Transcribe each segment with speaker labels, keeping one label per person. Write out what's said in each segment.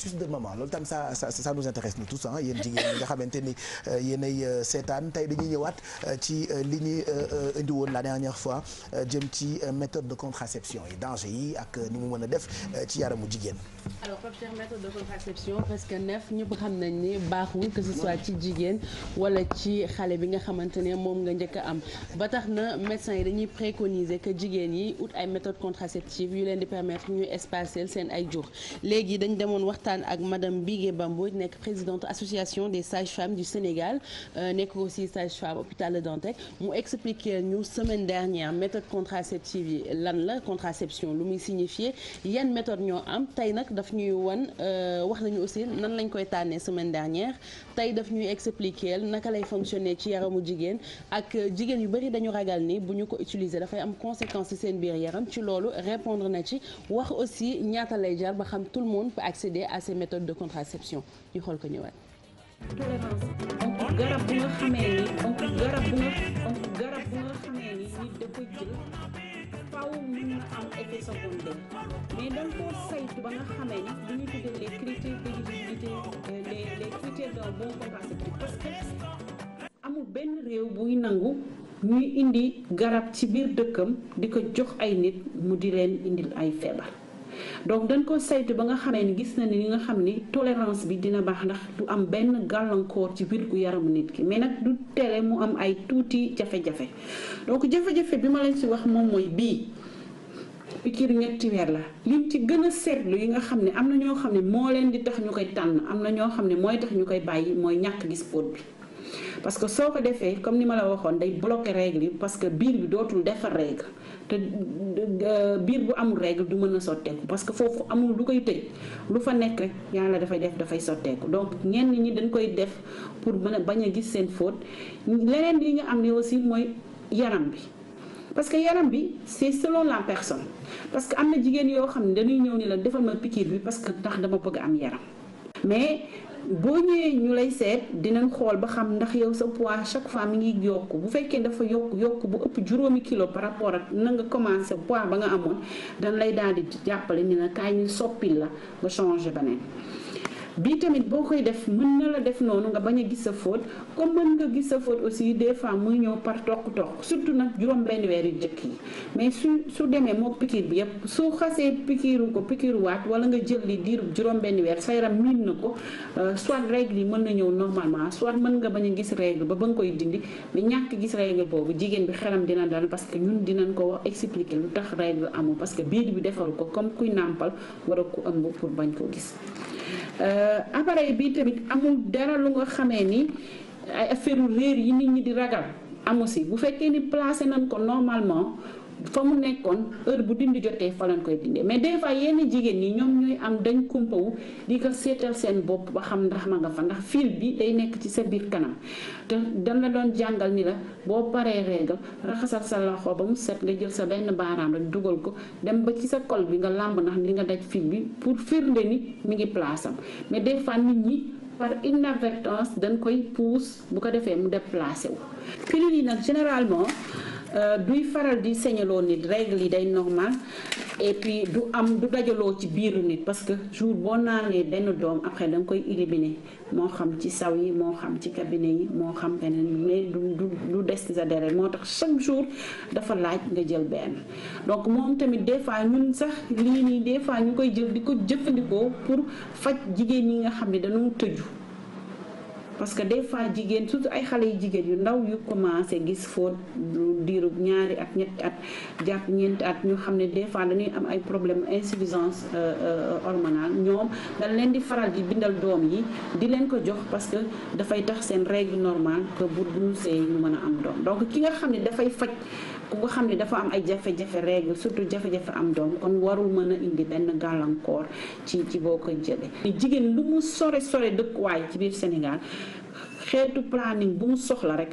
Speaker 1: astuce de maman loolu tam ça ça ça nous intéresse nous tous ah yéen jigéen ñi nga xamante ni euh, yéenay euh, seetaan tey dañuy ñëwaat euh, ci li ñuy indi woon la dernière fois jëm ci méthode de contraception yi danger yi ak ni mu mën a def ci yaramu jigéen.
Speaker 2: alors Pape Cheikh méthode de contraception parce que neef ñëpp xam nañ ni baaxul que ce soit ci jigéen wala ci xale bi nga xamante ne moom nga njëkk am ba tax na médecins yi dañuy préconiser que jigéen yi ut ay méthodes contraceptives yu leen di permettre ñu espacer seen ay jur léegi dañ waxtaan ak madame Bigué Bambodj nekk présidente association des sages-femmes du Sénégal euh, nekk aussi sage-femme hôpital Le Dantec mu expliquer ñu semaine dernière méthode contraceptive yi lan la contraception lu muy signifier yan méthode ñoo am tey nag dafa ñuy wan euh, wax nañu aussi nan lañ koy tànnee semaine dernière tey daf ñuy expliquer naka lay fonctionner ci yaramu jigéen ak euh, jigéen yu bari dañu ragal ni bu ñu ko utiliser dafay am conséquence ci seen biir yaram ci loolu répondre na ci wax xam tout le à ces de contraception ñu xool garab
Speaker 3: bu nga xamee ni garab garab bu nga xamee ni nit dafa jël faw mën na am effet secondaire mais dañ koo saytu ba nga xamee ni bu ñu tuddee les critères d'éligibilité euh, les les bon contraceptif parce amul benn réew buy nangu ñuy indi garab ci biir dëkkam di ko jox ay nit mu di leen indil ay feebar donc dañ ko saytu ba nga xamee ne gis na ni nga xam ni tolérance bi dina baax ndax du am benn gàllankoor ci wér gu yaramu nit ki mais nag du tere mu am ay tuuti jafe-jafe donc jafe-jafe bi ma si wax moom mooy bii pikiir ñetti weer la lim ci gën a seetlu yi nga xam ne am na ñoo xam ne moo leen di tax ñu koy tànn am na ñoo xam ne mooy tax ñu koy bàyyi mooy ñàkk gis póot parce que soo ko defee comme ni ma la waxoon day bloquer règle yi parce que biir bi dootul defar règle te biir bu amul règle du mën a sotteeku parce que foofu amul lu koy tëj lu fa nekk rek yàlla dafay def dafay sotteeku donc ñenn ñi dañ koy def pour mën bañ a gis seen faute leneen li nga am ne aussi mooy yaram bi parce que yaram bi c'est selon la personne parce que am na jigéen yoo xam ne dañuy ñëw ni la defal ma piqûre bi parce que ndax dama bëgg am yaram mais boo ñëwee ñu lay seet dinañ xool ba xam ndax yow sa poids chaque fois mi ngi yokk bu fekkee dafa yokk yokk bu ëpp juróomi kilo par rapport ak na nga commencé poids ba nga amoon dañ lay daal di jàppale ni na kaay ñu soppil la nga changé beneen bii tamit boo koy def mën na la def noonu nga bañ a gis sa faute comme mën nga gis sa faute aussi des fois muy ñëw par toq-toq surtout nag juróom benn weer yu njëkk yi mais su su demee moo pikiir bi yëpp soo xasee pikiiru ko pikiiruwaat wala nga jël li diiru juróom benn weer sa yaram miin na ko euh, soit règle yi mën na ñëw normalement soit mën nga bañ a gis règle ba ba nga koy dindi mais ñàkk gis règle boobu jigéen bi xelam dina daan parce que ñun dinañ ko wax expliquer lu tax règle amul parce que biir bi defaru ko comme kuy nàmpal war a ko pour bañ ko gis Euh, appareil bi tamit amul dara lu nga xamee ni ay affaire réer yi nit ñi di ragal amu bu fekkee ni placé nañ ko normalement fa mu nekkoon heure bu dindi jotee fa lañ koy dindee mais des fois yenn jigéen ñi ñoom ñooy am dañ kumpawu di ko seetal seen bopp ba xam ndax ma nga fa ndax fil bi day nekk ci sa biir kanam te dañ la doon jàngal ni la boo paree régal raxasal sa loxo ba mu set nga jël sa benn baaraam rek dugal ko dem ba ci sa kol bi nga làmb ndax li nga daj fil bi pour firnde ni mi ngi place am mais des fois nit ñi par inadvertance dañ koy puus bu ko defee mu déplacé wu Euh, duy faral di señaloo nit regle yi day normal et puis du am du dajaloo ci biiru nit parce que jour boo naanee benn doom après da nga koy éliminer moo xam ci saw yi moo xam ci cabinet yi moo xam beneen du du du des ci sa deret moo tax chaque jour dafa laaj nga jël benn donc moom tamit des fois ñun sax lii nii des fois ñu koy jël di ko jëfandikoo pour faj jigéen ñi nga xam ne dañoo tëju parce que des fois jigéen surtout ay xale yu jigéen yu ndaw yu commencé gis fóot lu diirub ñaari at ñetti at jàpp ñeenti at ñu xam ne des fois dañuy am ay problème insuffisance euh, euh, hormonale ñoom dañ leen di faral di bindal doom yi di leen ko jox parce que dafay tax seen règle normale que bu buñu seey ñu mën a am doom donc ki nga xam ne dafay faj ku nga xam ne dafa am ay jafe-jafe règle surtout jafe-jafe am doom kon warul mën a indi benn gàllankoor ci ci boo ko jëlee jigéen lu mu sore sore dëkkuwaay ci biir Sénégal xeetu planning bu mu soxla rek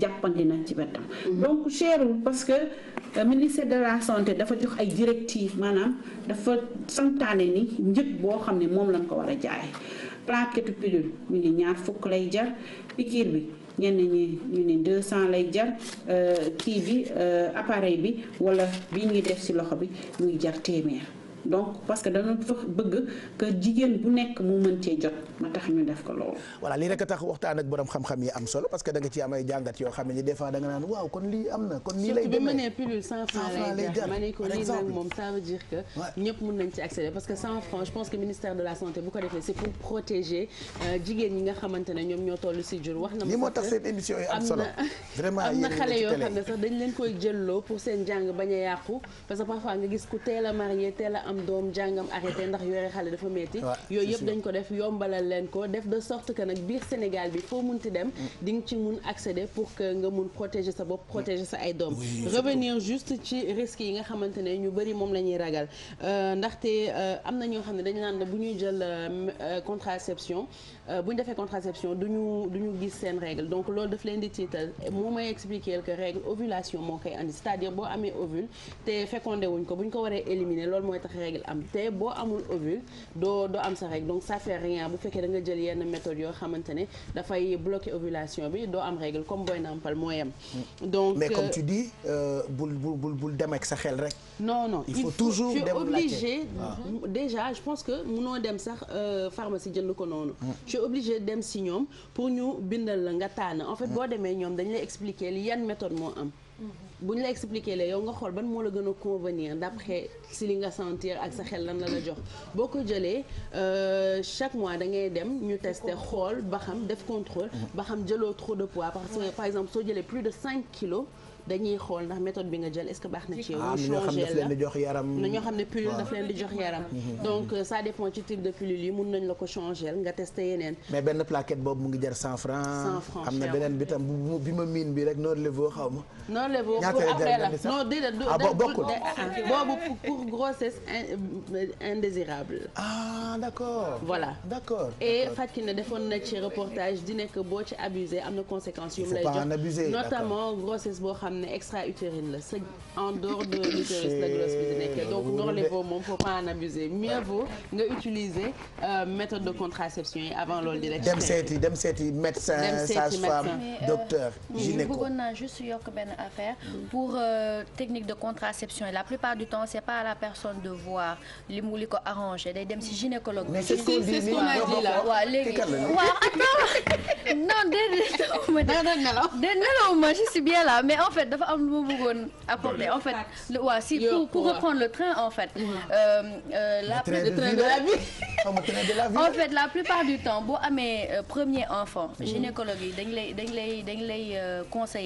Speaker 3: jàppandi na ci wetam. Mhm. donc cherul parce que euh, ministère de la santé dafa jox ay directives maanaam dafa santaane ni njëg boo xam ne moom lañ ko war a jaay plaquette pilule ñu ne ñaar fukk lay jar piqûre bi ñenn ñi ñu ne 200 lay jar euh, kii bi euh, appareil bi wala bi ñuy def ci loxo bi muy jar téeméer. donc parce que dana bëgg que jigéen bu nekk
Speaker 1: mu mën jot ma tax ñu def ko loolu. voilà lii rek a tax waxtaan ak borom xam-xam yi am solo parce que da ci am jàngat yoo xam ne des ma ne
Speaker 2: ko lii nag moom ça veut dire que. ñëpp nañ ci accéder parce que 100 francs je pense que ministère de la santé bu ko defee c'est pour protéger euh, jigéen ñi nga xamante ñoom ñoo toll si jur wax na. lii moo tax seen émission yi am solo
Speaker 1: am na xale yoo xam
Speaker 2: ne am doom jàngam arrêté ndax yore xale dafa metti yooyu yëpp dañ ko def yombalal leen ko def de sorte que nag biir Sénégal bi foo munti dem mm. di nga ci mun accéder pour que nga mun protéger sa bopp mm. protéger sa ay doom revenir juste ci risques yi nga xamante ne ñu bëri moom la ñuy ragal euh, te euh, am na ñoo xam ne dañu naan la bu ñuy jël euh, contraception bu ñu defee contraception du ñu du ñu gis seen règle donc loolu daf leen di tiital moo may expliquer que règle ovulation moo koy andi cest règle am te boo amul ovule doo doo am sa règle donc ça fait rien bu fekkee da nga jël yenn méthode yoo xamante ne dafay bloquer ovulation bi doo am règle comme booy nampal moo yem.
Speaker 1: Mm. donc mais comme euh, tu dis euh, bul bul bul bul dem ak sa xel rek.
Speaker 2: no non il faut toujours dem laajte obligé je pense que munoo dem sax euh, pharmacie jënd ko noonu. je mm. suis dem si ñoom pour ñu bindal la nga tànn en fait mm. boo demee ñoom dañ lay expliquer li yan méthode moo am. bu ñu la expliquer la yow nga xool ban moo la gën a convenir d'après si li nga sentir ak sa xel lan la la jox boo ko jëlee euh, chaque mois da ngay dem ñu tester xool ba xam def contrôle ba xam jëloo trop de poids parce que par exemple soo jëlee plus de 5 kilos dañuy xool ndax méthode bi nga jël est ce baax na ci yow. ñu ah, changé la
Speaker 1: na ñoo xam ne pilule daf
Speaker 2: leen di jox yaram. Mhm. Mhm. donc euh, ça dépend ci type de pilule yi mun nañ la ko changé nga testé yeneen.
Speaker 1: mais benn plaquette boobu mu ngi jar cent franc. cent franc am na beneen bi tam bu bi ma miin bi rek Norlevo xaw ma.
Speaker 2: Norlevo pour après la non déedéet du ah, bokkul boobu pour grossesse euh, indésirable. ah d' accord. voilà d'
Speaker 1: accord et
Speaker 2: Fatkine defoon na ci reportage di nekk boo ci abusé am na conséquences yu boo xam xam ne extra utérine la sa en dehors de l'utérus la grosse bi di nekkee donc Norlevo moom faut pas en abuser mieux vaut nga utiliser méthode de contraception yi avant loolu di rek dem seeti
Speaker 1: dem seeti médecin sage-femme docteur gynéco
Speaker 2: bëggoon naa juste yokk benn affaire pour technique de contraception la plupart du temps c'est pas à la personne de voir li mu li ko arrangé day dem si gynécologue mais c'est ce qu'on a dit là waaw léegi waaw attends non déedéet nelaw ma je suis bien là mais en fait fait dafa am ma bëggoon apporter en fait waaw si pour pour reprendre le train en fait euh, euh,
Speaker 1: la en
Speaker 2: la plupart du temps boo amee euh, premier enfant mhm. gynécologue yi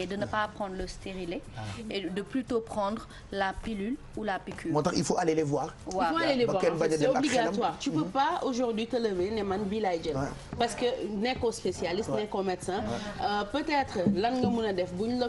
Speaker 2: de ne pas prendre le stérilet ah. et de plutôt prendre la pilule ou la piqûre moo tax il
Speaker 1: faut aller les voir en fait c'est obligatoire tu peux mhm.
Speaker 2: pas aujourd'hui te lever ne man bii parce que nekkoo spécialiste peut-être lan nga mën a def buñ la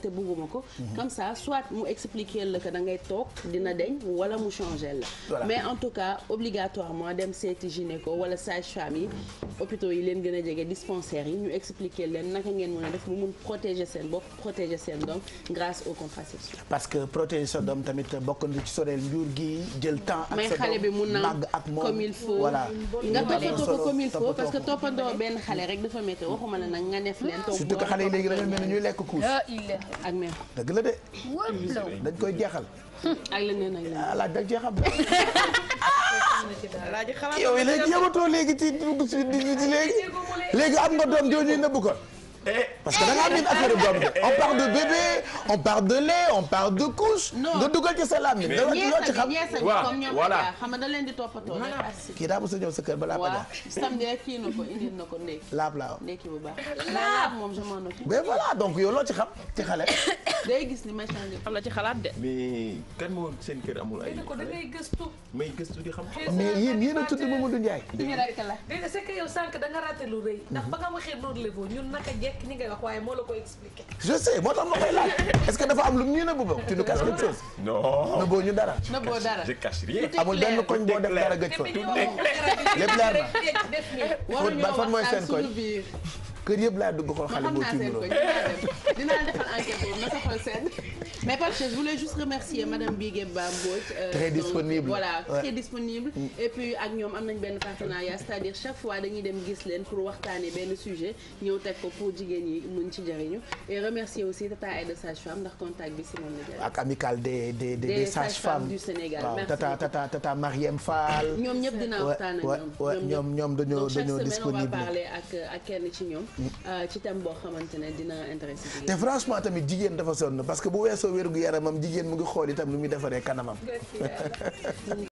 Speaker 2: te bugguma ko comme ça soit mu expliquer la que da ngay toog dina deñ wala mu changer la mais en tout cas obligatoirement dem seeti gynéco wala sage-femme yi hôpitaux yi leen gën a jege dispensaires yi ñu expliquer leen naka ngeen mën a def mu mun protéger seen bopp protéger seen doom grâce aux contraceptions
Speaker 1: parce que protéger sa doom tamit bokk na ci soreel njur gi jël temps ak sa xale bi mun na ak moom il faut nga toppatoo ko comme il faut parce que
Speaker 2: toppandoo benn xale rek dafa métti waxuma la nag nga def leen
Speaker 1: toog ak mel dëgg la de. dañ koy jeexal. ak leneen ak leneen alaaj ah, dañ cee xam ne.
Speaker 2: alaaji xalaat yow léegi yamatoo
Speaker 1: léegi ci dugg si di léegi. léegi am nga doom joo ñuy nëbb ko. Eh. parce que da nga am une affaire bu am on parle de bébé. on parle de lait on parle de couche. non nga dugal ci sa làmmiñ. mais ñeesa gi ñeesa gi comme ñoom Adja
Speaker 2: xam nga da leen di toppatoo rek assi.
Speaker 1: kii daa mos a ñëw sa kër balaa ko jàpp. waaw
Speaker 2: samedi rek kii na ko indil na ko ndékki. laab laaw ndékki bu baax. laab moom je m'en occupe. mais
Speaker 1: voilà donc yow loo ci xam ci xale.
Speaker 2: day gis ni may changé. am na ci xalaat de.
Speaker 1: mais kan moo seen kër amul ay. ko da ngay gëstu. may gëstu di xam. mais yéen yéen a tudd Mamadou Ndiaye. suñu
Speaker 2: rakk la. dégg nga c'est que yow sànq da nga raté lu rëy. ndax mhm. ba nga waxee noonu la ñun naka jekk ni nga wax waaye moo la ko expliqué.
Speaker 1: je sais moo tax ma koy laaj est-ce que dafa am lu ñu nëbb boobu tu ne caches quelque chose. non dara. nëbboo dara amul benn koñ boo def dara gëj fa. tout est clair
Speaker 2: lépp leer
Speaker 1: kër yëpp laa dugg xool xale boo ci
Speaker 2: dinaa defal enquête boobu na seen mais parce que je voulais juste remercier madame Bigué Bambodj euh, très très disponible et ak ñoom am nañ benn partenariat cest chaque fois dañuy dem gis leen pour waxtaanee benn sujet ñëw teg ko pour jigéen yi mun ci jariñu et remercier aussi Tata Aïda sage-femme ndax contact bi si moom la jël
Speaker 1: ak amicale des des des femmes du Sénégal Tata Tata Mariem Fall ñoom ñëpp dinaa waxtaan ñoom ñoom ñoom dañoo ci
Speaker 2: ñoom Euh, ci thème boo xamante ne dina intéressé jigéen. te
Speaker 1: franchement tamit jigéen dafa sonn parce que bu weesoo wér gu yaramam jigéen mu ngi xool itam lu muy defaree kanamam.